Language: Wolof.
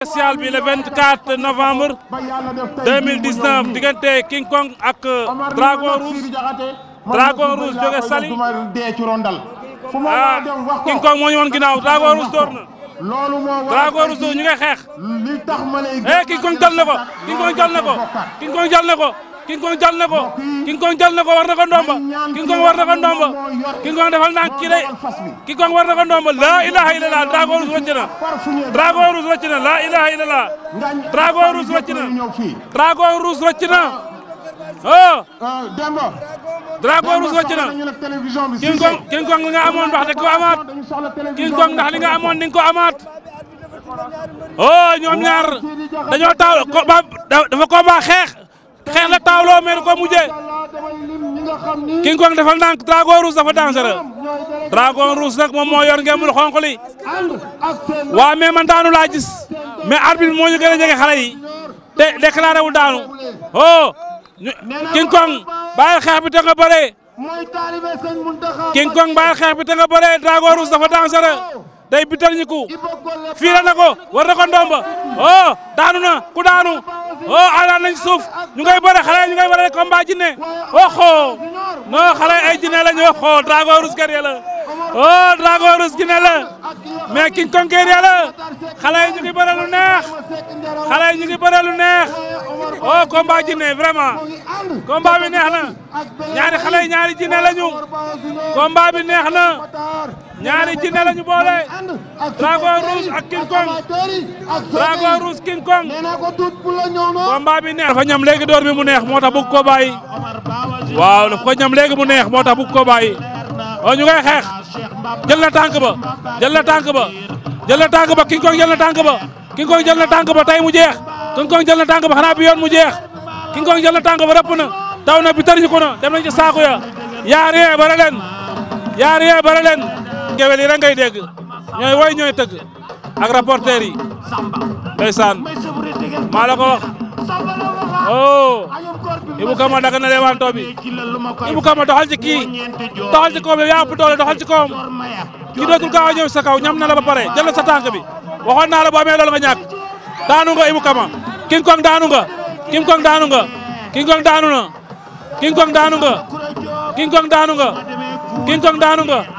spécial bi le 24 novembre 2019 diggante King Kong ak Dragon Rouge Dragon Rouge jóge Sali King Kong mo ñu won ginaaw Dragon Rouge door na Dragon Rouge ñu ngi xeex eh King Kong dal na ko King Kong dal na ko King Kong dal na ko. King Kong jàll ko King Kong jàll na ko war na ko ndomba King Kong war na ko ndomba King Kong defal naa kii day King Kong war na ko ndomba laa ilaha illallah Drago Rouge wàcc na Drago Rouge wàcc na laa ilaha illallah Drago Rouge wàcc na Drago Rouge wàcc na oh. amoon wax ko amaat King Kong ndax li nga amoon ni ko amaat. oh ñoom ñaar dañoo taw dafa combat xeex. taawloo meeru ko mujjee King Kong defal ndànk Dragon Rouge dafa dangereux Dragon Rouge nag moom moo yor ngeen mën xonq li waaw mais man daanu laa gis mais gën a jege xale yi te déclaré wul daanu oh xeex bi te nga bëree King Kong xeex bi te nga bëree Dragon Rouge dafa dangereux day bital ñi ku fii na ko war na ko ndomba oh daanu na ku daanu oh ala nañ suuf ñu ngay bëre xale ñu ngay bëre combat jinne waxoo oh, non xale ay jinne lañ waxoo oh, Drago Rouge guerrier la oh Drago Rouge jinne la mais King Kong guerrier ñu ngi bëre lu neex xale ñu ngi bëre lu neex oh combat jinne vraiment combat bi neex na ñaari xale yi ñaari jinne lañu combat bi neex na ñaari jinne lañu boole Dragon Rouge ak King Dragon Rouge King Kong combat bi neex dafa ñam léegi door bi mu neex moo tax bëgg ko bàyyi waaw dafa ko ñam léegi mu neex moo tax bëgg ko bàyyi oh ñu ngay xeex jël na tànk ba jël na tànk ba jël na tànk ba King Kong jël na tànk ba King jël na tànk ba tey mu jeex King Kong jël na tank ba xana bi yoon mu jeex King Kong jël na tank ba rëpp na daw na bi ko na dem na ci saxu ya yar ye bara leen yaa rien bara leen gewel yi rek ngay deg ñoy way ñoy teug ak rapporteur yi la wax oh Ibu Kama daga na lewanto bi Ibu Kama doxal ci ki doxal ci ko yow yaa ëpp doole doxal ci ko ki dootul sa kaw ñam na la ba pare jël sa tank bi waxon na la bo amé loolu nga ñak daanu nga ibu Kama King Kong daanu nga King Kong daanu nga King Kong daanu na King Kong daanu nga King Kong daanu nga King Kong daanu nga